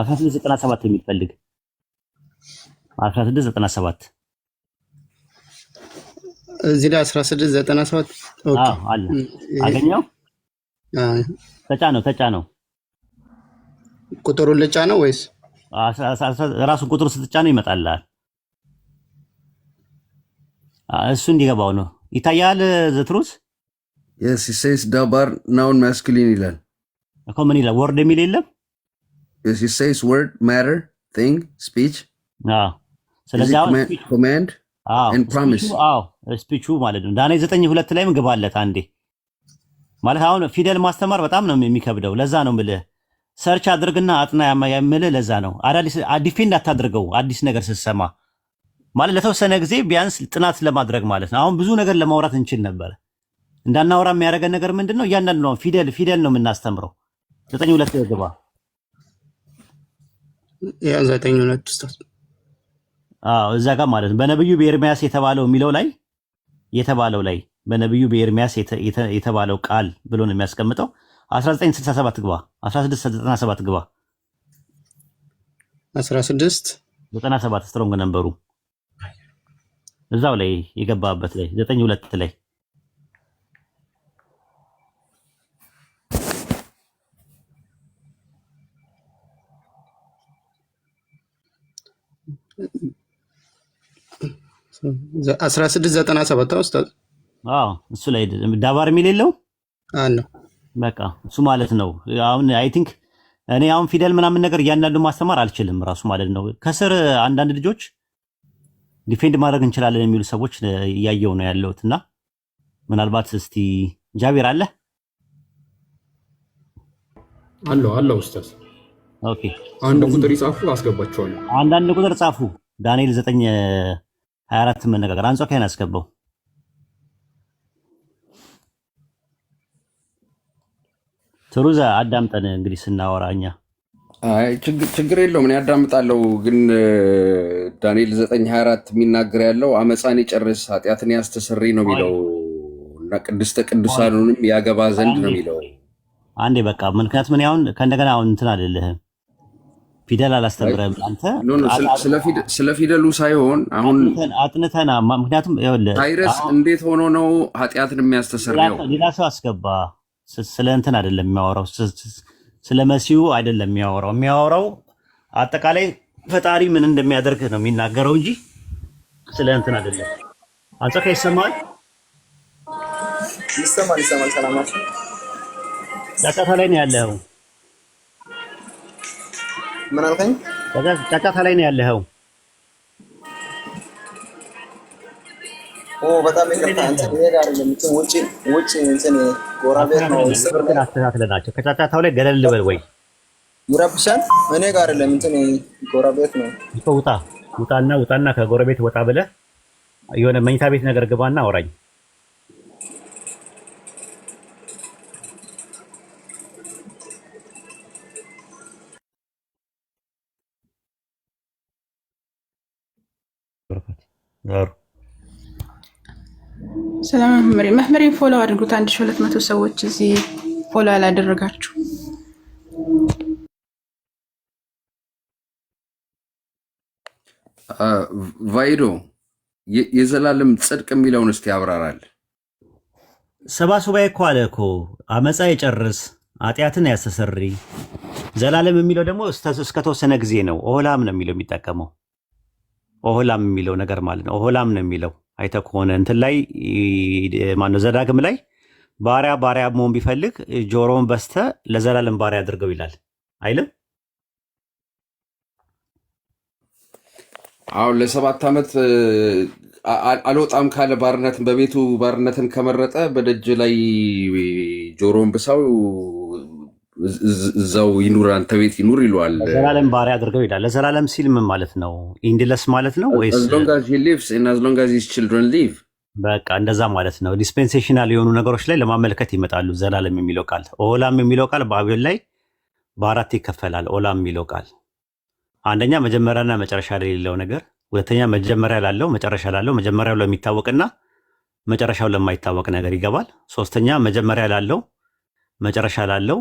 1697 የሚፈልግ 1697 እዚህ ላይ 1697 አለ አገኘው። ተጫነው ተጫነው። ቁጥሩን ወይስ ራሱን ቁጥሩ ስትጫነው ይመጣልሃል? እሱ እንዲገባው ነው። ይታያል። ዘትሩስ ሴንስ ዳባር ናውን ይላል እኮ ምን ይላል? ወርድ የሚል የለም ሳይስ ወርድ ማተር ቲንግ ስፒች ስለዚህ ኮማንድ ፕሮሚስ ስፒቹ ማለት ነው። ዳንኤል ዘጠኝ ሁለት ላይ ግባለት አንዴ ማለት አሁን ፊደል ማስተማር በጣም ነው የሚከብደው። ለዛ ነው የምልህ ሰርች አድርግና አጥና የምልህ ለዛ ነው። አዳዲስ ዲፌንድ አታድርገው አዲስ ነገር ስትሰማ ማለት ለተወሰነ ጊዜ ቢያንስ ጥናት ለማድረግ ማለት ነው። አሁን ብዙ ነገር ለማውራት እንችል ነበር። እንዳናወራ የሚያደርገን ነገር ምንድን ነው? እያንዳንዱ ፊደል ፊደል ነው የምናስተምረው። ዘጠኝ ሁለት ግባ ዘጠኝ ሁለት ውስጥ እዛ ጋር ማለት ነው። በነብዩ በኤርሚያስ የተባለው የሚለው ላይ የተባለው ላይ በነብዩ በኤርሚያስ የተባለው ቃል ብሎ ነው የሚያስቀምጠው። 1967 ግባ 1697 ግባ 1697 ስትሮንግ ነበሩ እዛው ላይ የገባበት ላይ 92 ላይ አስራ ስድስት ዘጠና ሰባት ኡስታዝ እሱ ላይ ዳባር የሚል የለው በቃ እሱ ማለት ነው። አሁን አይ ቲንክ እኔ አሁን ፊደል ምናምን ነገር እያንዳንዱ ማስተማር አልችልም ራሱ ማለት ነው። ከስር አንዳንድ ልጆች ዲፌንድ ማድረግ እንችላለን የሚሉ ሰዎች እያየው ነው ያለሁት እና ምናልባት እስቲ ጃቢር አለ አለው አለው ኡስታዝ አንድ ቁጥር ይጻፉ፣ አስገባቸዋለሁ። አንዳንድ ቁጥር ጻፉ። ዳንኤል ዘጠኝ 24 አራት መነጋገር አንጾኪያን አስገባው። ትሩዛ አዳምጠን እንግዲህ ስናወራኛ ችግር የለውም። እኔ አዳምጣለሁ። ግን ዳንኤል 24 የሚናገር ያለው አመፃን የጨርስ ኃጢአትን ያስተሰሪ ነው የሚለው እና ቅድስተ ቅዱሳኑንም ያገባ ዘንድ ነው የሚለው። አንዴ በቃ ምክንያት ምን ያሁን ከእንደገና አሁን እንትን አይደለህም ፊደል አላስተምረም። አንተ ስለ ፊደሉ ሳይሆን አሁን አጥንተና ምክንያቱም ታይረስ እንዴት ሆኖ ነው ኃጢአትን የሚያስተሰርየው? ሌላ ሰው አስገባ። ስለ እንትን አይደለም የሚያወራው፣ ስለ መሲሁ አይደለም የሚያወራው። የሚያወራው አጠቃላይ ፈጣሪ ምን እንደሚያደርግ ነው የሚናገረው እንጂ ስለ እንትን አይደለም። አንጸካ ይሰማል፣ ይሰማል፣ ይሰማል። ሰላማችሁ ዳቃታ ላይ ነው ያለው ምን አልከኝ? ጫጫታ ላይ ነው ያለኸው። ኦ በጣም ይቅርታ። እንትን ጋር እንትን ጎራ ቤት ነው። አስተካክለናቸው። ከጫጫታው ላይ ገለል ልበል ወይ ይረብሻል። እኔ ጋር አይደለም እንትን ጎራ ቤት ነው። ውጣና ውጣና ከጎረቤት ወጣ ብለህ የሆነ መኝታ ቤት ነገር ግባና አውራኝ። ሰላም መምህሬ መምህሬን ፎሎ አድርጉት። አንድ ሺ ሁለት መቶ ሰዎች እዚህ ፎሎ ያላደረጋችሁ ቫይዶ የዘላለም ጽድቅ የሚለውን እስቲ ያብራራል። ሰባሱባ እኮ አለ እኮ አመፃ የጨርስ ኃጢአትን ያስተሰሪ ዘላለም የሚለው ደግሞ እስከተወሰነ ጊዜ ነው። ኦላም ነው የሚለው የሚጠቀመው ኦሆላም የሚለው ነገር ማለት ነው። ኦሆላም ነው የሚለው አይተ ከሆነ እንትን ላይ ማነው ዘዳግም ላይ ባሪያ ባሪያ መሆን ቢፈልግ ጆሮውን በስተ ለዘላለም ባሪያ አድርገው ይላል አይልም? አሁን ለሰባት ዓመት አልወጣም ካለ ባርነትን በቤቱ ባርነትን ከመረጠ በደጅ ላይ ጆሮን ብሳው እዛው ይኑር አንተ ቤት ይኑር ይለዋል። ለዘላለም ባሪያ አድርገው ይላል። ለዘላለም ሲል ምን ማለት ነው? ኢንድለስ ማለት ነው ወይስ በቃ እንደዛ ማለት ነው? ዲስፔንሴሽናል የሆኑ ነገሮች ላይ ለማመልከት ይመጣሉ። ዘላለም የሚለው ቃል ኦላም የሚለው ቃል በአቤል ላይ በአራት ይከፈላል። ኦላም የሚለው ቃል አንደኛ መጀመሪያና መጨረሻ ላይ የሌለው ነገር፣ ሁለተኛ መጀመሪያ ላለው መጨረሻ ላለው መጀመሪያው ለሚታወቅና መጨረሻው ለማይታወቅ ነገር ይገባል። ሶስተኛ መጀመሪያ ላለው መጨረሻ ላለው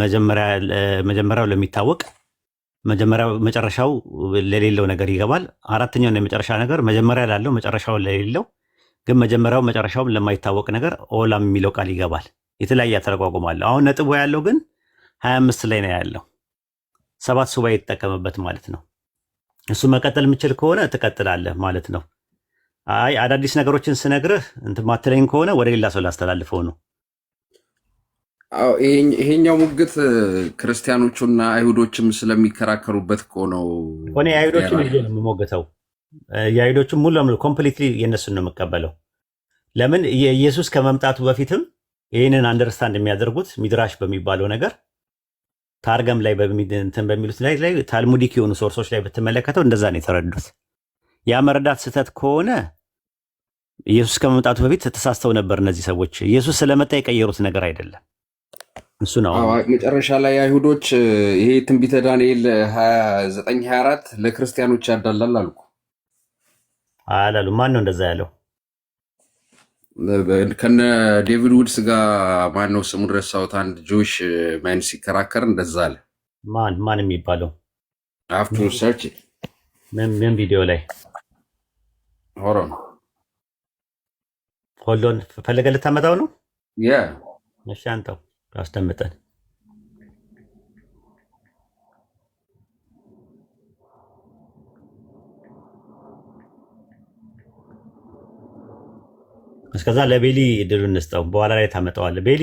መጀመሪያው ለሚታወቅ መጀመሪያው መጨረሻው ለሌለው ነገር ይገባል። አራተኛው የመጨረሻ ነገር መጀመሪያ ላለው መጨረሻው ለሌለው ግን መጀመሪያው መጨረሻውም ለማይታወቅ ነገር ኦላም የሚለው ቃል ይገባል። የተለያየ ተረጓጉማለሁ። አሁን ነጥቡ ያለው ግን ሀያ አምስት ላይ ነው ያለው። ሰባት ሱባ የተጠቀመበት ማለት ነው። እሱ መቀጠል የምችል ከሆነ ትቀጥላለህ ማለት ነው። አይ አዳዲስ ነገሮችን ስነግርህ እንትን ማትለኝ ከሆነ ወደ ሌላ ሰው ላስተላልፈው ነው። ይሄኛው ሙግት ክርስቲያኖቹና አይሁዶችም ስለሚከራከሩበት እኮ ነው። እኔ የአይሁዶችን ነው የምሞግተው። የአይሁዶችን ሙሉ ለሙሉ ኮምፕሊትሊ የእነሱን ነው የምቀበለው። ለምን የኢየሱስ ከመምጣቱ በፊትም ይህንን አንደርስታንድ የሚያደርጉት ሚድራሽ በሚባለው ነገር ታርገም ላይ እንትን በሚሉት ላይ ላይ ታልሙዲክ የሆኑ ሶርሶች ላይ ብትመለከተው እንደዛ ነው የተረዱት። ያ መረዳት ስህተት ከሆነ ኢየሱስ ከመምጣቱ በፊት ተሳስተው ነበር። እነዚህ ሰዎች ኢየሱስ ስለመጣ የቀየሩት ነገር አይደለም። እሱ ነው መጨረሻ ላይ አይሁዶች ይሄ ትንቢተ ዳንኤል 2924 ለክርስቲያኖች ያዳላል አልኩ አላሉ። ማን ነው እንደዛ ያለው? ከነ ዴቪድ ውድስ ጋር ማን ነው ስሙ ረሳሁት። አንድ ጆሽ ማን ሲከራከር እንደዛ አለ። ማን ማን የሚባለው? አፍቱ ሰርች ምን ምን ቪዲዮ ላይ ሆሮ ሆሎን ፈለገ ልታመጣው ነው ያ መሻንተው አስደምጠን። እስከዛ ለቤሊ ድሉ እንስጠው፣ በኋላ ላይ ታመጣዋለህ። ቤሊ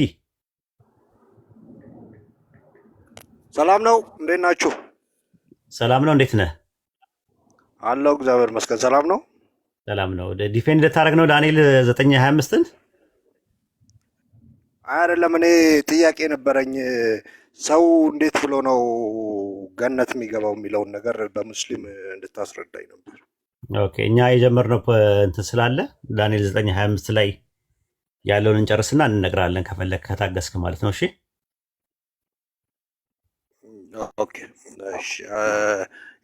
ሰላም ነው፣ እንዴት ናችሁ? ሰላም ነው፣ እንዴት ነህ? አለው እግዚአብሔር ይመስገን። ሰላም ነው፣ ሰላም ነው። ዲፌንድ ልታደርግ ነው ዳንኤል ዘጠኝ ሀያ አምስትን አይደለም እኔ ጥያቄ ነበረኝ። ሰው እንዴት ብሎ ነው ገነት የሚገባው የሚለውን ነገር በሙስሊም እንድታስረዳኝ ነበር። ኦኬ እኛ የጀመርነው እንትን ስላለ ዳንኤል 925 ላይ ያለውን እንጨርስና እንነግራለን ከፈለግ ከታገስክ ማለት ነው። እሺ ኦኬ እሺ።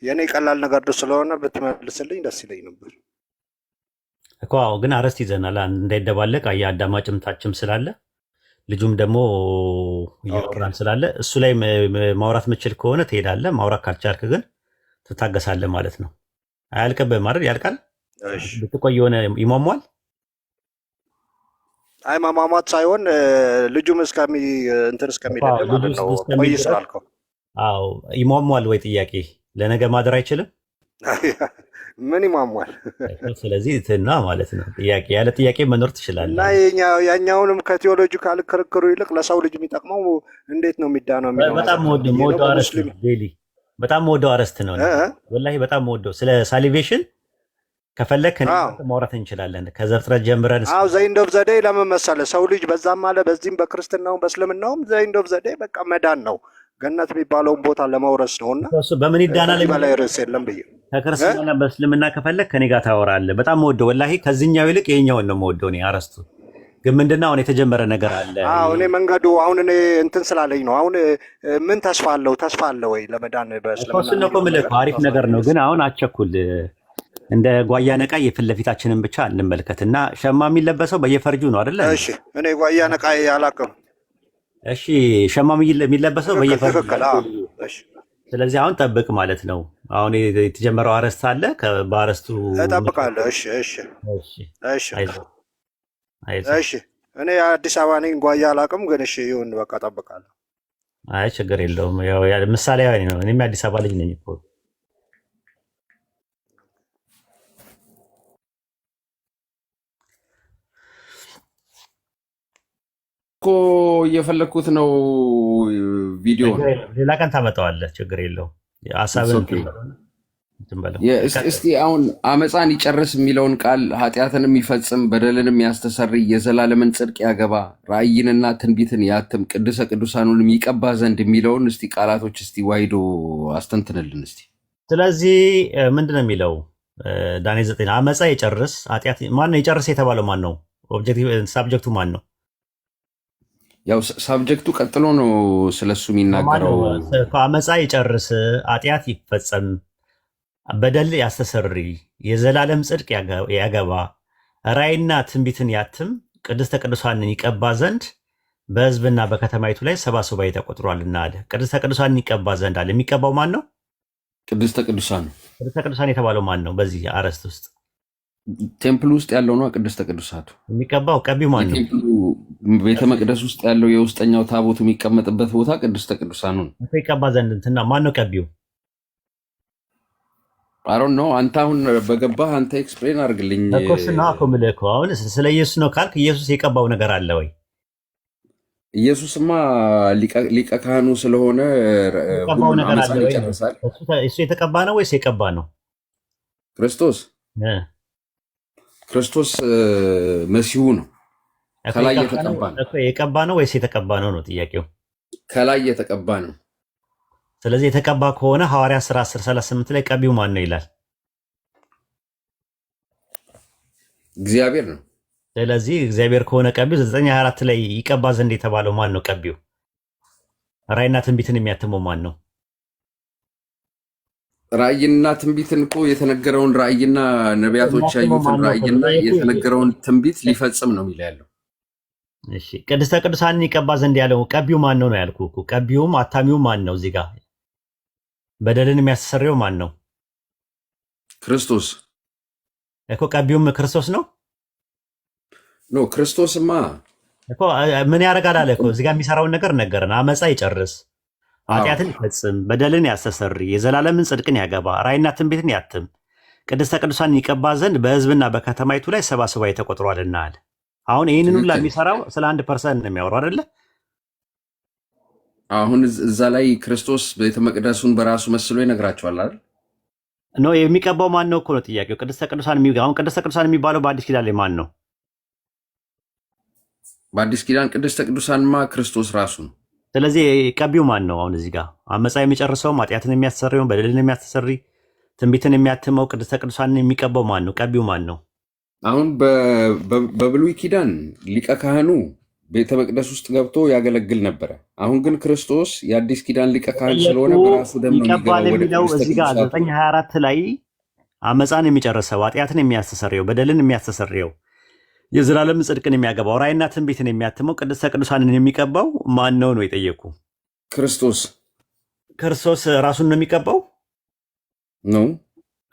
የእኔ ቀላል ነገር ስለሆነ ብትመልስልኝ ደስ ይለኝ ነበር እኮ። አዎ ግን አረስት ይዘናል እንዳይደባለቅ አየ አዳማጭም ታችም ስላለ ልጁም ደግሞ እያወራን ስላለ እሱ ላይ ማውራት መችል ከሆነ ትሄዳለ፣ ማውራት ካልቻልክ ግን ትታገሳለ ማለት ነው። አያልቅብህም አይደል? ያልቃል። ብትቆይ የሆነ ይሟሟል። አይ ማሟሟት ሳይሆን ልጁም እስከሚ እንትን እስከሚደል ማለት ነው። ቆይ ስላልከው ይሟሟል ወይ ጥያቄ ለነገ ማደር አይችልም። ምን ይሟሟል? ስለዚህ ትና ማለት ነው ጥያቄ ያለ ጥያቄ መኖር ትችላለህ። እና ያኛውንም ከቴዎሎጂካል ክርክሩ ይልቅ ለሰው ልጅ የሚጠቅመው እንዴት ነው የሚዳነው? ወደው አረስት ነው ዴሊ በጣም ወደው አረስት ነው ወላሂ በጣም ወደው ስለ ሳሊቬሽን ከፈለክ ማውራት እንችላለን። ከዘፍጥረት ጀምረን አዎ ዘይንድ ኦፍ ዘዴ ለምን መሰለህ ሰው ልጅ በዛም አለ በዚህም በክርስትናውም በእስልምናውም ዘይንድ ኦፍ ዘዴ በቃ መዳን ነው ገነት የሚባለውን ቦታ ለመውረስ ነውና በምን ይዳናል? በላይ ርዕስ የለም ብዬ ከክርስትና በእስልምና ከፈለግ ከኔ ጋር ታወራለህ። በጣም ወደው ወላሂ፣ ከዚኛው ይልቅ ይሄኛውን ነው መወደው። እኔ አረስቱ ግን ምንድና አሁን የተጀመረ ነገር አለ። እኔ መንገዱ አሁን እኔ እንትን ስላለኝ ነው። አሁን ምን ተስፋ አለው? ተስፋ አለ ወይ ለመዳን? በእስልምና እኮ የምልህ አሪፍ ነገር ነው። ግን አሁን አቸኩል እንደ ጓያ ነቃ የፊት ለፊታችንን ብቻ እንመልከት እና ሸማ የሚለበሰው በየፈርጁ ነው አደለ? እኔ ጓያ ነቃ አላቅም። እሺ ሸማ የሚለበሰው በየፈርዱ ስለዚህ አሁን ጠብቅ ማለት ነው። አሁን የተጀመረው አረስት አለ። በአረስቱ እጠብቃለሁ። እኔ አዲስ አበባ ነኝ፣ ጓያ አላውቅም ግን እሺ ይሁን፣ በቃ እጠብቃለሁ። አይ ችግር የለውም። ምሳሌ ነው። እኔም የአዲስ አበባ ልጅ ነኝ እኮ እኮ እየፈለግኩት ነው። ቪዲዮ ሌላ ቀን ታመጣዋለህ፣ ችግር የለው። ሀሳብን አሁን አመፃን ይጨርስ የሚለውን ቃል ኃጢአትን የሚፈጽም በደልን የሚያስተሰርይ የዘላለምን ጽድቅ ያገባ ራእይንና ትንቢትን ያትም ቅድሰ ቅዱሳኑን የሚቀባ ዘንድ የሚለውን እስቲ ቃላቶች እስቲ ዋይዶ አስተንትንልን እስቲ። ስለዚህ ምንድን ነው የሚለው ዳንኤል ዘጠኝ አመፃ ይጨርስ ኃጢአት ማን ነው? ይጨርስ የተባለው ማን ነው? ሳብጀክቱ ማን ነው? ያው ሳብጀክቱ ቀጥሎ ነው ስለሱ የሚናገረው። አመፃ ይጨርስ፣ አጢአት ይፈጸም፣ በደል ያስተሰሪ፣ የዘላለም ጽድቅ ያገባ፣ ራይና ትንቢትን ያትም፣ ቅድስተ ቅዱሳንን ይቀባ ዘንድ በህዝብና በከተማይቱ ላይ ሰባ ሱባኤ ተቆጥሯልና አለ። ቅድስተ ቅዱሳንን ይቀባ ዘንድ አለ። የሚቀባው ማን ነው? ቅድስተ ቅዱሳን። ቅድስተ ቅዱሳን የተባለው ማን ነው? በዚህ አረስት ውስጥ ቴምፕል ውስጥ ያለው ነው ቅድስተ ቅዱሳቱ የሚቀባው ቀቢ ቤተ መቅደስ ውስጥ ያለው የውስጠኛው ታቦቱ የሚቀመጥበት ቦታ ቅድስተ ቅዱሳኑ ነው። ይቀባ ዘንድ እንትና ማን ነው ቀቢው? አሮን ነው። አንተ አሁን በገባህ አንተ ኤክስፕሌን አድርግልኝ እኮ ስና እኮ የምልህ እኮ አሁን ስለ ኢየሱስ ነው ካልክ ኢየሱስ የቀባው ነገር አለ ወይ? ኢየሱስማ ሊቀ ካህኑ ስለሆነ ሁሉን እሱ የተቀባ ነው ወይስ የቀባ ነው ክርስቶስ? ክርስቶስ መሲሁ ነው። ከላይ የተቀባ ነው። የቀባ ነው ወይስ የተቀባ ነው ነው ጥያቄው? ከላይ የተቀባ ነው። ስለዚህ የተቀባ ከሆነ ሐዋርያ ስራ 38 ላይ ቀቢው ማን ነው ይላል? እግዚአብሔር ነው። ስለዚህ እግዚአብሔር ከሆነ ቀቢው 9፥24 ላይ ይቀባ ዘንድ የተባለው ማን ነው? ቀቢው ራእይና ትንቢትን የሚያትመው ማን ነው? ራእይና ትንቢትን እኮ የተነገረውን ራእይና ነቢያቶች ያዩትን ራእይና የተነገረውን ትንቢት ሊፈጽም ነው የሚለው ያለው። እሺ ቅድስተ ቅዱሳን ይቀባ ዘንድ ያለው ቀቢው ማን ነው ነው ያልኩ እኮ። ቀቢውም አታሚው ማን ነው? እዚህ ጋር በደልን የሚያስተሰርየው ማን ነው? ክርስቶስ እኮ። ቀቢውም ክርስቶስ ነው። ኖ ክርስቶስማ እኮ ምን ያደርጋል አለ እኮ። እዚህ ጋር የሚሰራውን ነገር ነገርን። አመፃ ይጨርስ ኃጢአትን ይፈጽም፣ በደልን ያስተሰርይ፣ የዘላለምን ጽድቅን ያገባ፣ ራይና ትንቢትን ያትም፣ ቅድስተ ቅዱሳን ይቀባ ዘንድ በህዝብና በከተማይቱ ላይ ሰባ ተቆጥሯልና አለ። አሁን ይህንን ሁላ የሚሰራው ስለ አንድ ፐርሰንት ነው የሚያወሩ አደለ? አሁን እዛ ላይ ክርስቶስ ቤተ መቅደሱን በራሱ መስሎ ይነግራቸዋል አይደል? ኖ የሚቀባው ማን ነው እኮ ነው ጥያቄው። ቅድስተ ቅዱሳን አሁን ቅድስተ ቅዱሳን የሚባለው በአዲስ ኪዳን ላይ ማን ነው? በአዲስ ኪዳን ቅድስተ ቅዱሳንማ ክርስቶስ ራሱ ነው። ስለዚህ ቀቢው ማን ነው? አሁን እዚህ ጋር አመፃ የሚጨርሰውም ኃጢአትን የሚያሰሪውን በደልን የሚያስተሰሪ ትንቢትን የሚያትመው ቅድስተ ቅዱሳንን የሚቀባው ማን ነው? ቀቢው ማን ነው? አሁን በብሉይ ኪዳን ሊቀ ካህኑ ቤተ መቅደስ ውስጥ ገብቶ ያገለግል ነበረ። አሁን ግን ክርስቶስ የአዲስ ኪዳን ሊቀ ካህን ስለሆነ በራሱ ደም ይቀባል የሚለው እዚህ ጋር ዘጠኝ ሀያ አራት ላይ አመፃን የሚጨርሰው ኃጢአትን የሚያስተሰርየው በደልን የሚያስተሰርየው የዘላለም ጽድቅን የሚያገባው ራእይና ትንቢትን የሚያትመው ቅድስተ ቅዱሳንን የሚቀባው ማን ነው ነው የጠየቁ። ክርስቶስ ክርስቶስ ራሱን ነው የሚቀባው ነው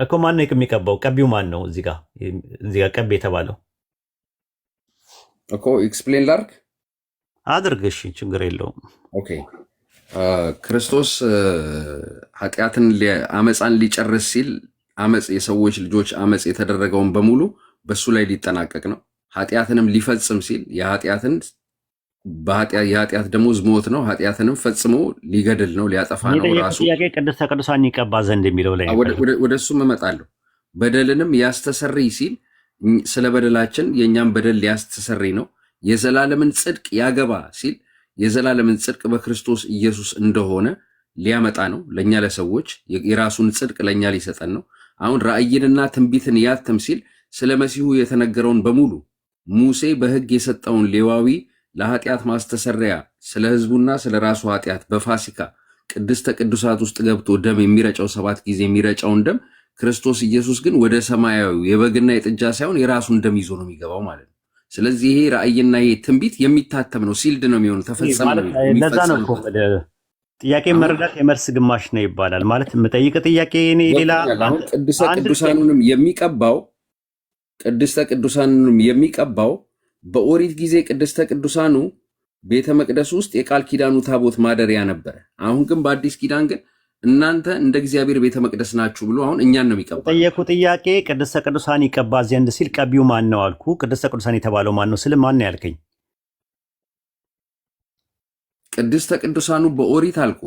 እኮ። ማን ነው የሚቀባው? ቀቢው ማን ነው? እዚጋ ቀቢ የተባለው እኮ ኤክስፕሌን ላርግ አድርግ። እሺ ችግር የለውም። ኦኬ ክርስቶስ ኃጢአትን አመፃን ሊጨርስ ሲል አመፅ የሰዎች ልጆች አመፅ የተደረገውን በሙሉ በሱ ላይ ሊጠናቀቅ ነው። ኃጢአትንም ሊፈጽም ሲል የኃጢአትን የኃጢአት ደሞዝ ሞት ነው። ኃጢአትንም ፈጽሞ ሊገድል ነው፣ ሊያጠፋ ነው። ራሱ ቅድስተ ቅዱሳን ይቀባ ዘንድ የሚለው ላይ ወደ እሱም እመጣለሁ። በደልንም ያስተሰርይ ሲል ስለ በደላችን የእኛም በደል ሊያስተሰርይ ነው። የዘላለምን ጽድቅ ያገባ ሲል የዘላለምን ጽድቅ በክርስቶስ ኢየሱስ እንደሆነ ሊያመጣ ነው። ለእኛ ለሰዎች የራሱን ጽድቅ ለእኛ ሊሰጠን ነው። አሁን ራእይንና ትንቢትን ያትም ሲል ስለ መሲሁ የተነገረውን በሙሉ ሙሴ በሕግ የሰጠውን ሌዋዊ ለኃጢአት ማስተሰሪያ ስለ ሕዝቡና ስለ ራሱ ኃጢአት በፋሲካ ቅድስተ ቅዱሳት ውስጥ ገብቶ ደም የሚረጨው ሰባት ጊዜ የሚረጨውን ደም ክርስቶስ ኢየሱስ ግን ወደ ሰማያዊ የበግና የጥጃ ሳይሆን የራሱን ደም ይዞ ነው የሚገባው ማለት ነው። ስለዚህ ይሄ ራእይና ይሄ ትንቢት የሚታተም ነው፣ ሲልድ ነው የሚሆኑ ተፈጸመ ነው። ጥያቄ መረዳት የመልስ ግማሽ ነው ይባላል። ማለት የምጠይቅ ጥያቄ ሌላ ቅዱሳኑንም የሚቀባው ቅድስተ ቅዱሳኑንም የሚቀባው በኦሪት ጊዜ ቅድስተ ቅዱሳኑ ቤተ መቅደስ ውስጥ የቃል ኪዳኑ ታቦት ማደሪያ ነበረ። አሁን ግን በአዲስ ኪዳን ግን እናንተ እንደ እግዚአብሔር ቤተ መቅደስ ናችሁ ብሎ አሁን እኛን ነው የሚቀባ። ጠየቁ ጥያቄ ቅድስተ ቅዱሳን ይቀባ ዘንድ ሲል ቀቢው ማን ነው አልኩ። ቅድስተ ቅዱሳን የተባለው ማን ነው ስል ማን ነው ያልከኝ? ቅድስተ ቅዱሳኑ በኦሪት አልኩ።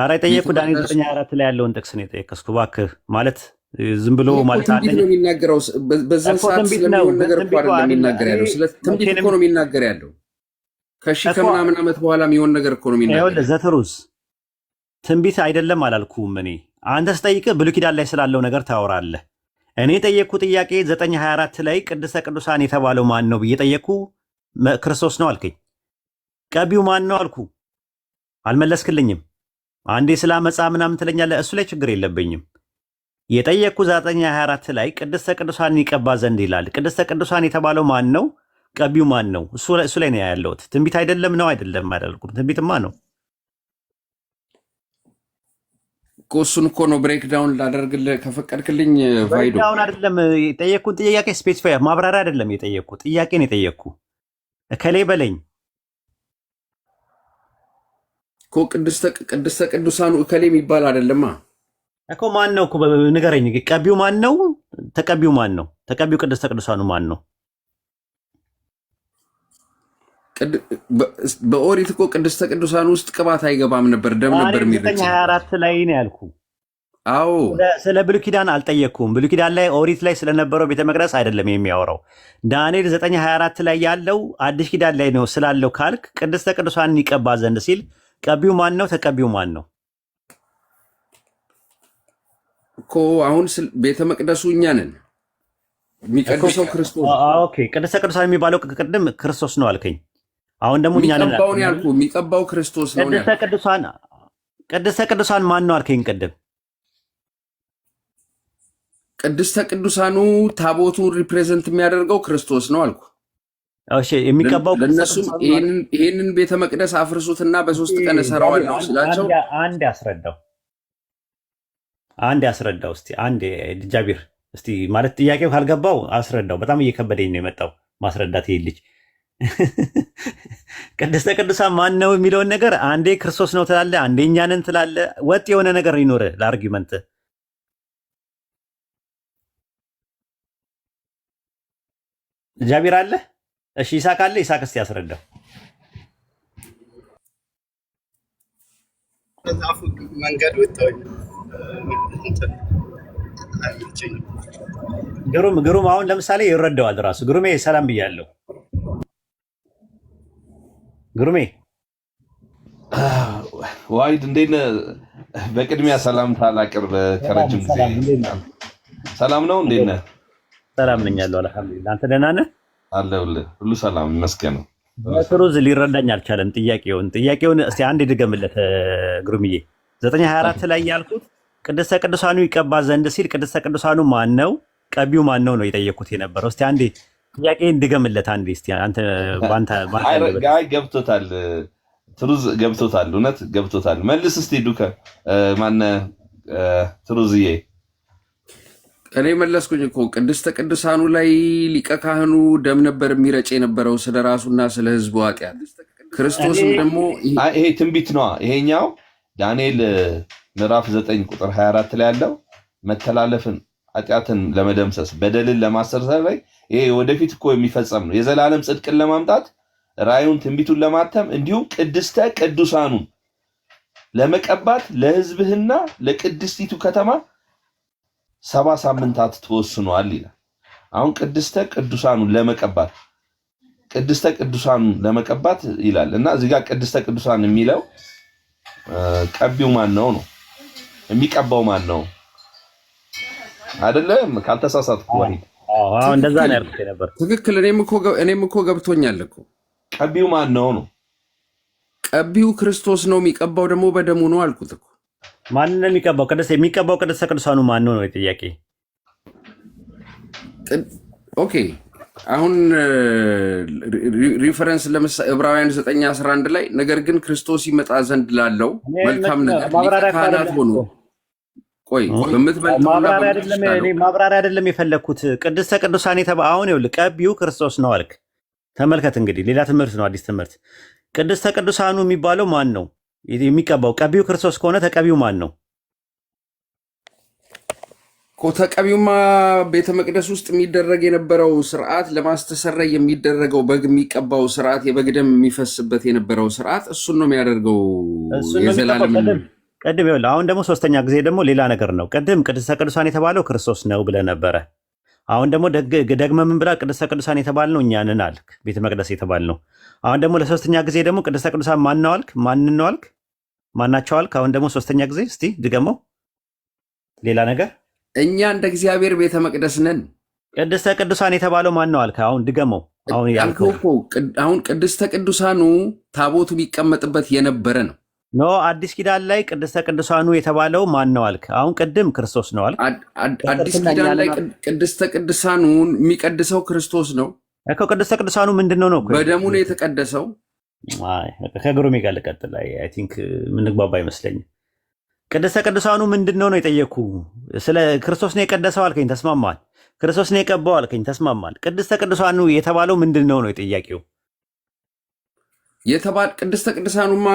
አረ ጠየቁ ዳንኤል ዘጠኝ አራት ላይ ያለውን ጥቅስ ነው የጠየቀስኩ። እባክህ ማለት ዝም ብሎ ማለት አለ ነው የሚናገረው። በዛ ሰዓት ስለሚሆን ነገር እኮ አይደለም የሚናገር ያለው፣ ስለ ትንቢት እኮ ነው የሚናገር ያለው። ከሺህ ከምናምን ዓመት በኋላ የሚሆን ነገር እኮ ነው የሚናገር። ዘተሩስ ትንቢት አይደለም አላልኩም እኔ። አንተ ስጠይቅህ ብሉይ ኪዳን ላይ ስላለው ነገር ታወራለህ። እኔ የጠየቅኩ ጥያቄ 924 ላይ ቅድስተ ቅዱሳን የተባለው ማን ነው ብዬ ጠየቅኩ። ክርስቶስ ነው አልከኝ። ቀቢው ማን ነው አልኩ። አልመለስክልኝም። አንዴ ስለ አመፃ ምናምን ትለኛለህ። እሱ ላይ ችግር የለብኝም። የጠየቁ የጠየቅኩ 24 ላይ ቅድስተ ቅዱሳን ይቀባ ዘንድ ይላል። ቅድስተ ቅዱሳን የተባለው ማን ነው? ቀቢው ማን ነው? እሱ ላይ ነው ያለሁት። ትንቢት አይደለም ነው አይደለም አላልኩም። ትንቢትማ ነው እኮ እሱን እኮ ነው ብሬክዳውን ላደርግልህ ከፈቀድክልኝ። ቫይዶ ብሬክዳውን አይደለም የጠየቅኩት ጥያቄ፣ ስፔሲፋይ ማብራሪያ አይደለም የጠየቅኩት ጥያቄ ነው የጠየቅኩ። እከሌ በለኝ እኮ ቅድስተ ቅዱሳኑ እከሌ የሚባል አይደለማ እኮ ማን ነው ንገረኝ። ቀቢው ማን ነው? ተቀቢው ማን ነው? ተቀቢው ቅድስተ ቅዱሳኑ ማን ነው? በኦሪት እኮ ቅድስተ ቅዱሳን ውስጥ ቅባት አይገባም ነበር፣ ደም ነበር የሚረጨው። ሀያ አራት ላይ ነው ያልኩ። አዎ ስለ ብሉ ኪዳን አልጠየቅኩም። ብሉ ኪዳን ላይ ኦሪት ላይ ስለነበረው ቤተ መቅደስ አይደለም የሚያወራው። ዳንኤል 924 ላይ ያለው አዲስ ኪዳን ላይ ነው ስላለው ካልክ ቅድስተ ቅዱሳን ይቀባ ዘንድ ሲል ቀቢው ማን ነው? ተቀቢው ማን ነው? እኮ አሁን ቤተ መቅደሱ እኛ ነን፣ የሚቀድሰው ክርስቶስ። ቅድስተ ቅዱሳን የሚባለው ቅድም ክርስቶስ ነው አልከኝ። አሁን ደግሞ እኛ ያልኩ የሚቀባው ክርስቶስ ነው። ቅድስተ ቅዱሳን ማን ነው አልከኝ ቅድም። ቅድስተ ቅዱሳኑ ታቦቱን ሪፕሬዘንት የሚያደርገው ክርስቶስ ነው አልኩ። የሚቀባው ለእነሱም ይህንን ቤተ መቅደስ አፍርሱትና በሶስት ቀን እሰራዋለሁ ስላቸው አንድ ያስረዳው አንድ ያስረዳው እስቲ አንድ ጃቢር እስቲ ማለት ጥያቄው ካልገባው አስረዳው። በጣም እየከበደኝ ነው የመጣው ማስረዳት። ይሄ ልጅ ቅድስተ ቅዱሳን ማን ነው የሚለውን ነገር አንዴ ክርስቶስ ነው ትላለ፣ አንዴ እኛ ትላለ። ወጥ የሆነ ነገር ይኖር ለአርጊመንት ጃቢር አለ። እሺ ይሳቅ አለ። ይሳቅ እስቲ ያስረዳው። መንገድ ወጣሁኝ ግሩም ግሩም። አሁን ለምሳሌ ይረዳዋል ራሱ ግሩሜ፣ ሰላም ብያለሁ ግሩሜ። ዋሂድ እንዴት ነህ? በቅድሚያ ሰላምታ ላቅርብ። ከረጅም ጊዜ ሰላም ነው። እንዴት ነህ? ሰላም ነኝ ያለው አልሐምዱሊላህ። አንተ ደህና ነህ? አለሁልህ። ሁሉ ሰላም ይመስገን። በትሩዝ ሊረዳኝ አልቻለም። ጥያቄውን ጥያቄውን እስቲ አንድ ድገምለት ግሩምዬ። ዘጠኝ ሀያ አራት ላይ ያልኩት ቅድስተ ቅዱሳኑ ይቀባ ዘንድ ሲል ቅድስተ ቅዱሳኑ ማን ነው? ቀቢው ማን ነው ነው የጠየኩት የነበረው። እስቲ አንዴ ጥያቄ እንድገምለት አንዴ እስቲ አንተ ገብቶታል፣ ትሩዝ ገብቶታል፣ እውነት ገብቶታል። መልስ እስቲ ዱከ ማነ ትሩዝዬ። እኔ መለስኩኝ እኮ ቅድስተ ቅዱሳኑ ላይ ሊቀ ካህኑ ደም ነበር የሚረጭ የነበረው ስለ ራሱና ስለ ህዝቡ ኃጢአት። ክርስቶስም ደግሞ ይሄ ትንቢት ነዋ ይሄኛው ዳንኤል ምዕራፍ 9 ቁጥር 24 ላይ ያለው መተላለፍን ኃጢአትን ለመደምሰስ በደልን ለማሰርሰር ላይ ይሄ ወደፊት እኮ የሚፈጸም ነው። የዘላለም ጽድቅን ለማምጣት ራዩን ትንቢቱን ለማተም እንዲሁም ቅድስተ ቅዱሳኑን ለመቀባት ለሕዝብህና ለቅድስቲቱ ከተማ ሰባ ሳምንታት ተወስኗል ይላል። አሁን ቅድስተ ቅዱሳኑን ለመቀባት ቅድስተ ቅዱሳኑን ለመቀባት ይላል እና እዚህ ጋር ቅድስተ ቅዱሳን የሚለው ቀቢው ማን ነው ነው የሚቀባው ማን ነው? አይደለም ካልተሳሳትኩ ወሪድ አዎ፣ እንደዛ ነው ያልኩት ነበር። ትክክል። እኔም እኮ እኔም እኮ ገብቶኛል እኮ። ቀቢው ማን ነው ነው? ቀቢው ክርስቶስ ነው። የሚቀባው ደግሞ በደሙ ነው አልኩት እኮ። ማን ነው የሚቀባው? ቅዱስ የሚቀባው ቅዱስ ቅዱሳኑ ማን ነው ነው ጥያቄ። ኦኬ አሁን ሪፈረንስ ለምሳሌ ዕብራውያን ዘጠኝ አስራ አንድ ላይ ነገር ግን ክርስቶስ ይመጣ ዘንድ ላለው መልካም ነገር ካህናት ሆኑ። ቆይ ማብራሪያ አይደለም የፈለግኩት። ቅድስተ ቅዱሳን የተባ አሁን ይውል ቀቢው ክርስቶስ ነው አልክ። ተመልከት እንግዲህ ሌላ ትምህርት ነው፣ አዲስ ትምህርት። ቅድስተ ቅዱሳኑ የሚባለው ማን ነው? የሚቀባው ቀቢው ክርስቶስ ከሆነ ተቀቢው ማን ነው? ተቀቢውማ ቤተ መቅደስ ውስጥ የሚደረግ የነበረው ስርዓት ለማስተሰረይ የሚደረገው በግ የሚቀባው ስርዓት የበግ ደም የሚፈስበት የነበረው ስርዓት እሱን ነው የሚያደርገው። የዘላለም ቅድም ይኸውልህ፣ አሁን ደግሞ ሶስተኛ ጊዜ ደግሞ ሌላ ነገር ነው። ቅድም ቅድስተ ቅዱሳን የተባለው ክርስቶስ ነው ብለህ ነበረ። አሁን ደግሞ ደግመ ምን ብላ ቅድስተ ቅዱሳን የተባልነው እኛንን አልክ። ቤተ መቅደስ የተባልነው አሁን ደግሞ ለሶስተኛ ጊዜ ደግሞ ቅድስተ ቅዱሳን ማነው አልክ። ማንን አልክ? ማናቸው አልክ። አሁን ደግሞ ሶስተኛ ጊዜ እስቲ ድገመው ሌላ ነገር እኛ እንደ እግዚአብሔር ቤተ መቅደስ ነን። ቅድስተ ቅዱሳን የተባለው ማን ነው አልከ? አሁን ድገመው። አሁን ቅድስተ ቅዱሳኑ ታቦቱ ቢቀመጥበት የነበረ ነው። ኖ አዲስ ኪዳን ላይ ቅድስተ ቅዱሳኑ የተባለው ማን ነው አልክ? አሁን ቅድም ክርስቶስ ነው አልክ። አዲስ ኪዳን ላይ ቅድስተ ቅዱሳኑን የሚቀድሰው ክርስቶስ ነው እኮ። ቅድስተ ቅዱሳኑ ምንድን ነው? ነው በደሙ ነው የተቀደሰው። ከግሩም ጋር ልቀጥል። አይ ቲንክ የምንግባባ አይመስለኝም። ቅድስተ ቅዱሳኑ ምንድን ነው ነው የጠየቅኩ። ስለ ክርስቶስ ነው የቀደሰው አልከኝ፣ ተስማማል። ክርስቶስ ነው የቀባው አልከኝ፣ ተስማማል። ቅድስተ ቅዱሳኑ የተባለው ምንድን ነው ነው የጥያቄው? የተባል ቅድስተ ቅዱሳኑማ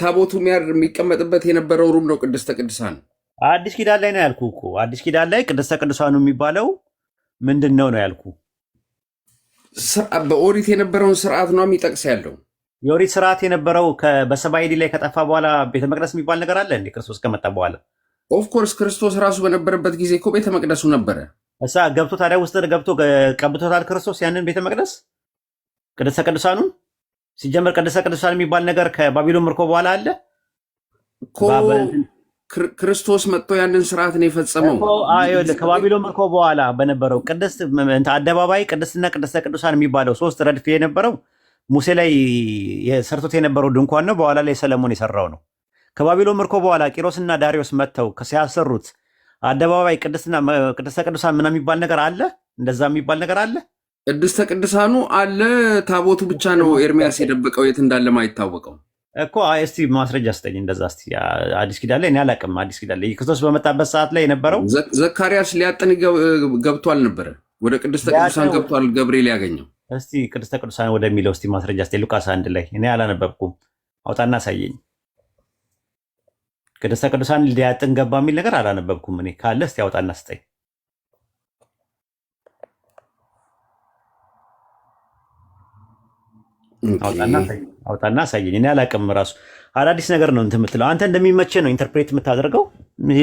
ታቦቱ ሚያር የሚቀመጥበት የነበረው ሩም ነው ቅድስተ ቅዱሳኑ። አዲስ ኪዳን ላይ ነው ያልኩ እኮ አዲስ ኪዳን ላይ ቅድስተ ቅዱሳኑ የሚባለው ምንድን ነው ነው ያልኩ። በኦሪት የነበረውን ስርዓት ነው የሚጠቅስ ያለው የኦሪት ስርዓት የነበረው በሰማይ ላይ ከጠፋ በኋላ ቤተ መቅደስ የሚባል ነገር አለ እንዴ? ክርስቶስ ከመጣ በኋላ ኦፍኮርስ ክርስቶስ ራሱ በነበረበት ጊዜ እኮ ቤተ መቅደሱ ነበረ። እሳ ገብቶ ታዲያ ውስጥ ገብቶ ቀብቶታል ክርስቶስ ያንን ቤተ መቅደስ ቅድስተ ቅዱሳኑን። ሲጀመር ቅድስተ ቅዱሳን የሚባል ነገር ከባቢሎን ምርኮ በኋላ አለ እኮ ክርስቶስ መጥቶ ያንን ስርዓት ነው የፈጸመው። ከባቢሎን ምርኮ በኋላ በነበረው ቅድስት አደባባይ ቅድስትና ቅድስተ ቅዱሳን የሚባለው ሶስት ረድፍ የነበረው ሙሴ ላይ ሰርቶት የነበረው ድንኳን ነው። በኋላ ላይ ሰለሞን የሰራው ነው። ከባቢሎን ምርኮ በኋላ ቂሮስና ዳሪዮስ መጥተው ሲያሰሩት አደባባይ ቅድስተ ቅዱሳን ምናምን የሚባል ነገር አለ። እንደዛ የሚባል ነገር አለ። ቅድስተ ቅዱሳኑ አለ። ታቦቱ ብቻ ነው ኤርሚያስ የደበቀው የት እንዳለ ማይታወቀው እኮ። እስቲ ማስረጃ ስጠኝ። እንደዛ ስ አዲስ ኪዳን ላይ እኔ አላቅም። አዲስ ኪዳን ላይ ክርስቶስ በመጣበት ሰዓት ላይ የነበረው ዘካርያስ ሊያጥን ገብቶ አልነበረ? ወደ ቅድስተ ቅዱሳን ገብቷል። ገብርኤል ያገኘው እስቲ ቅድስተ ቅዱሳን ወደሚለው እስቲ ማስረጃ ስ ሉቃስ አንድ ላይ እኔ አላነበብኩም፣ አውጣና አሳየኝ። ቅድስተ ቅዱሳን ሊያጥን ገባ የሚል ነገር አላነበብኩም እኔ። ካለ እስቲ አውጣና ስጠኝ። አውጣና አሳየኝ። እኔ አላቅም። ራሱ አዳዲስ ነገር ነው እንትን የምትለው አንተ እንደሚመቸህ ነው ኢንተርፕሬት የምታደርገው። እኔ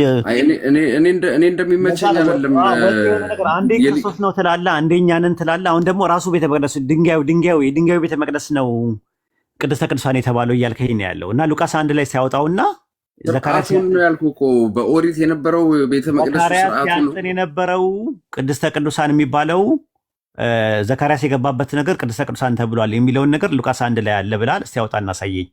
እንደሚመቸኝ አይደለም። አንዴ ክርስቶስ ነው ትላለህ፣ አንዴ እኛ ነን ትላለህ። አሁን ደግሞ ራሱ ቤተ መቅደስ ድንጋዩ ድንጋዩ የድንጋዩ ቤተ መቅደስ ነው ቅድስተ ቅዱሳን የተባለው እያልከኝ ነው ያለው እና ሉቃስ አንድ ላይ ሲያወጣውና ዘካርያስን ያልኩህ እኮ በኦሪት የነበረው ቤተ መቅደስ ስርዓቱ የነበረው ቅድስተ ቅዱሳን የሚባለው ዘካርያስ የገባበት ነገር ቅድስተ ቅዱሳን ተብሏል የሚለውን ነገር ሉቃስ አንድ ላይ አለ ብላል። እስቲ ያውጣ እናሳየኝ።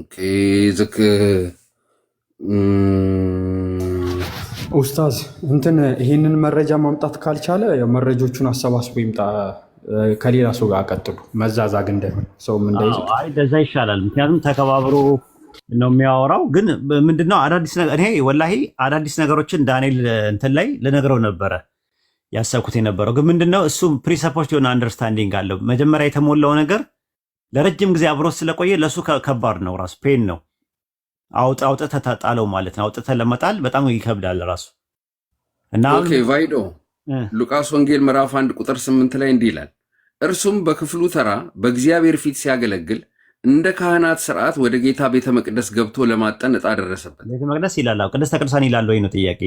ኦኬ ኡስታዝ እንትን ይህንን መረጃ ማምጣት ካልቻለ መረጆቹን አሰባስቦ ይምጣ። ከሌላ ሰው ጋር ቀጥሉ መዛዛግ እንዳይሆን ሰውም እንዳይዝ ይሻላል። ምክንያቱም ተከባብሮ ነው የሚያወራው። ግን ምንድነው አዳዲስ ነገር ይሄ ወላሂ አዳዲስ ነገሮችን ዳንኤል እንትን ላይ ልነግረው ነበረ ያሰብኩት የነበረው ግን ምንድነው እሱ ፕሪሰፖርት የሆነ አንደርስታንዲንግ አለው። መጀመሪያ የተሞላው ነገር ለረጅም ጊዜ አብሮት ስለቆየ ለእሱ ከባድ ነው፣ ራሱ ፔን ነው። አውጥ አውጥተህ ተጣለው ማለት ነው። አውጥተህ ለመጣል በጣም ይከብዳል ራሱ እና ኦኬ ቫይዶ ሉቃስ ወንጌል ምዕራፍ አንድ ቁጥር ስምንት ላይ እንዲህ ይላል እርሱም በክፍሉ ተራ በእግዚአብሔር ፊት ሲያገለግል እንደ ካህናት ስርዓት ወደ ጌታ ቤተ መቅደስ ገብቶ ለማጠን ዕጣ ደረሰበት። ቤተ መቅደስ ይላል አው ቅድስተ ቅዱሳን ይላል ወይ ነው ጥያቄ።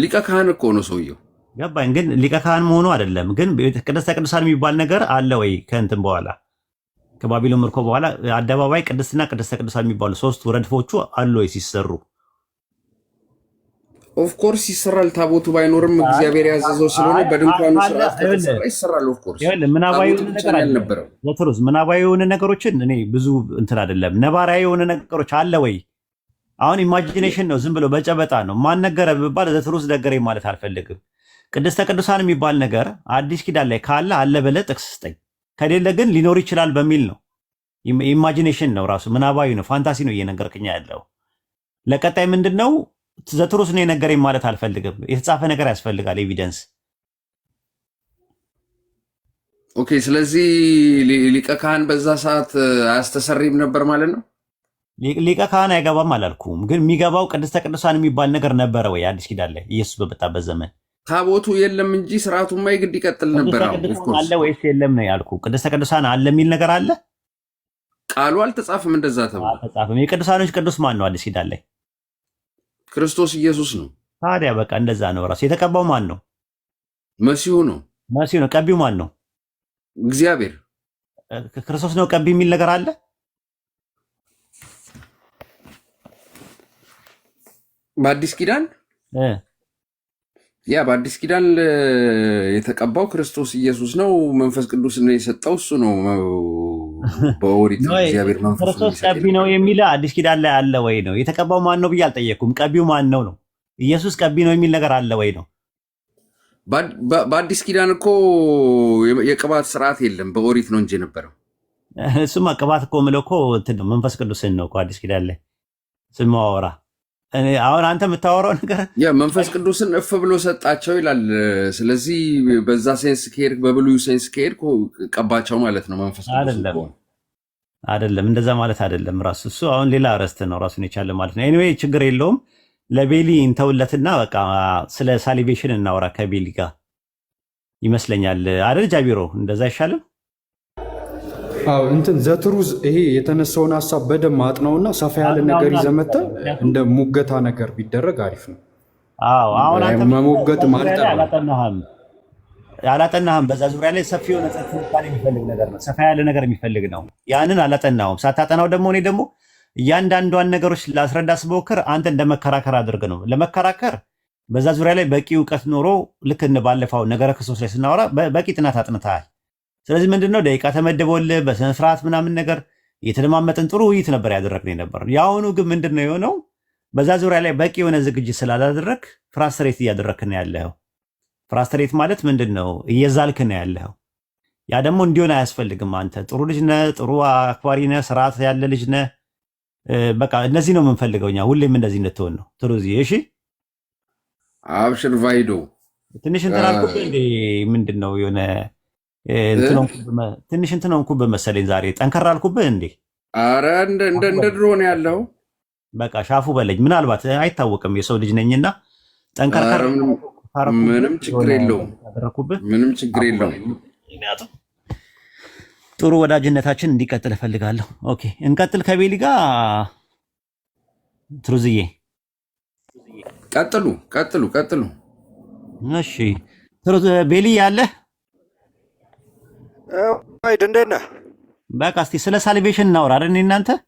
ሊቀ ካህን እኮ ነው ሰውየው። ገባኝ። ግን ሊቀ ካህን መሆኑ አይደለም። ግን ቅድስተ ቅዱሳን የሚባል ነገር አለ ወይ ከእንትን በኋላ ከባቢሎን ምርኮ በኋላ አደባባይ ቅድስትና ቅድስተ ቅዱሳን የሚባሉ ሶስቱ ረድፎቹ አሉ ሲሰሩ? ኦፍኮርስ ይሰራል። ታቦቱ ባይኖርም እግዚአብሔር ያዘዘው ስለሆነ በድንኳኑ ስርዓት ይሰራል። ምናባዊ የሆነ ነገሮችን እኔ ብዙ እንትን አይደለም። ነባራዊ የሆነ ነገሮች አለ ወይ? አሁን ኢማጂኔሽን ነው፣ ዝም ብሎ በጨበጣ ነው። ማን ነገረ ብባል ዘትሩስ ነገረኝ ማለት አልፈልግም። ቅድስተ ቅዱሳን የሚባል ነገር አዲስ ኪዳን ላይ ካለ አለ ብለህ ጥቅስ ስጠኝ። ከሌለ ግን ሊኖር ይችላል በሚል ነው። ኢማጂኔሽን ነው ራሱ ምናባዊ ነው ፋንታሲ ነው እየነገርክኛ ያለው። ለቀጣይ ምንድን ነው ዘትሩስ ነው የነገረኝ ማለት አልፈልግም። የተጻፈ ነገር ያስፈልጋል ኤቪደንስ። ኦኬ። ስለዚህ ሊቀ ካህን በዛ ሰዓት አያስተሰሪም ነበር ማለት ነው። ሊቀ ካህን አይገባም አላልኩም፣ ግን የሚገባው ቅድስተ ቅዱሳን የሚባል ነገር ነበረ ወይ? አዲስ ኪዳን ላይ ኢየሱስ በመጣበት ዘመን ታቦቱ የለም እንጂ ስርዓቱማ የግድ ይቀጥል ነበር። አለ ወይስ የለም ነው ያልኩ። ቅድስተ ቅዱሳን አለ የሚል ነገር አለ። ቃሉ አልተጻፈም፣ እንደዛ ተብሎ አልተጻፈም። የቅዱሳኖች ቅዱስ ማን ነው? አዲስ ኪዳን ላይ ክርስቶስ ኢየሱስ ነው። ታዲያ በቃ እንደዛ ነው። ራሱ የተቀባው ማን ነው? መሲሁ ነው። መሲሁ ነው። ቀቢው ማን ነው? እግዚአብሔር ክርስቶስ ነው። ቀቢ የሚል ነገር አለ። በአዲስ ኪዳን ያ በአዲስ ኪዳን የተቀባው ክርስቶስ ኢየሱስ ነው። መንፈስ ቅዱስ የሰጠው እሱ ነው። በኦሪት እግዚአብሔር ክርስቶስ ቀቢ ነው የሚል አዲስ ኪዳን ላይ አለ ወይ ነው? የተቀባው ማን ነው ብዬ አልጠየኩም። ቀቢው ማን ነው ነው? ኢየሱስ ቀቢ ነው የሚል ነገር አለ ወይ ነው? በአዲስ ኪዳን እኮ የቅባት ስርዓት የለም። በኦሪት ነው እንጂ የነበረው። እሱማ ቅባት እኮ የምለው እኮ መንፈስ ቅዱስን ነው። አዲስ ኪዳን ላይ ስማወራ አሁን አንተ የምታወራው ነገር መንፈስ ቅዱስን እፍ ብሎ ሰጣቸው ይላል። ስለዚህ በዛ ሴንስ ከሄድ በብሉዩ ሴንስ ከሄድ ቀባቸው ማለት ነው። መንፈስ አይደለም እንደዛ ማለት አይደለም። ራሱ እሱ አሁን ሌላ ረስት ነው ራሱን የቻለ ማለት ነው። ኤኒዌይ ችግር የለውም። ለቤሊ እንተውለትና በቃ ስለ ሳሊቬሽን እናወራ ከቤሊ ጋር ይመስለኛል አደል ጃቢሮ እንደዛ አይሻልም? አዎ እንትን ዘትሩዝ ይሄ የተነሳውን ሀሳብ በደንብ አጥነውና ሰፋ ያለ ነገር ይዘመተህ እንደ ሙገታ ነገር ቢደረግ አሪፍ ነው። አሁን አንተ መሞገት ማለት አላጠናህም። በዛ ዙሪያ ላይ ሰፊ የሆነ ትንታኔ የሚፈልግ ነገር ነው። ሰፋ ያለ ነገር የሚፈልግ ነው። ያንን አላጠናውም። ሳታጠናው ደግሞ እኔ ደግሞ እያንዳንዷን ነገሮች ላስረዳ ስሞክር አንተ እንደ መከራከር አድርግ ነው። ለመከራከር በዛ ዙሪያ ላይ በቂ እውቀት ኖሮ ልክ ባለፈው ነገረ ክርስቶስ ላይ ስናወራ በቂ ጥናት አጥንተሃል። ስለዚህ ምንድን ነው ደቂቃ ተመድቦልህ በስነስርዓት ምናምን ነገር የተደማመጠን ጥሩ ውይይት ነበር ያደረግን ነበር። የአሁኑ ግን ምንድን ነው የሆነው? በዛ ዙሪያ ላይ በቂ የሆነ ዝግጅት ስላላደረግ ፍራስትሬት እያደረግክን ያለው። ፍራስትሬት ማለት ምንድን ነው? እየዛልክን ያለው። ያ ደግሞ እንዲሆን አያስፈልግም። አንተ ጥሩ ልጅ ነህ፣ ጥሩ አክባሪ ነህ፣ ስርዓት ያለ ልጅ ነህ። በቃ እነዚህ ነው የምንፈልገው እኛ ሁሌም እንደዚህ እንድትሆን ነው። ትሩዚ እሺ፣ አብሽር ቫይዶ ትንሽ እንትን እንዴ ምንድን ነው የሆነ ትንሽ እንትን ሆንኩብህ መሰለኝ ዛሬ ጠንከር አልኩብህ እንዴ? አረ እንደ ድሮ ነው ያለው። በቃ ሻፉ በለኝ። ምናልባት አይታወቅም የሰው ልጅ ነኝና ጠንከር። ምንም ችግር የለውም፣ ምንም ችግር የለውም። ጥሩ ወዳጅነታችን እንዲቀጥል እፈልጋለሁ። ኦኬ እንቀጥል። ከቤሊ ጋር ትሩዝዬ ቀጥሉ፣ ቀጥሉ፣ ቀጥሉ። እሺ ቤሊ ያለህ ወይድ እንዴት ነህ? በቃ እስቲ ስለ ሳልቬሽን እናውራ አይደል እናንተ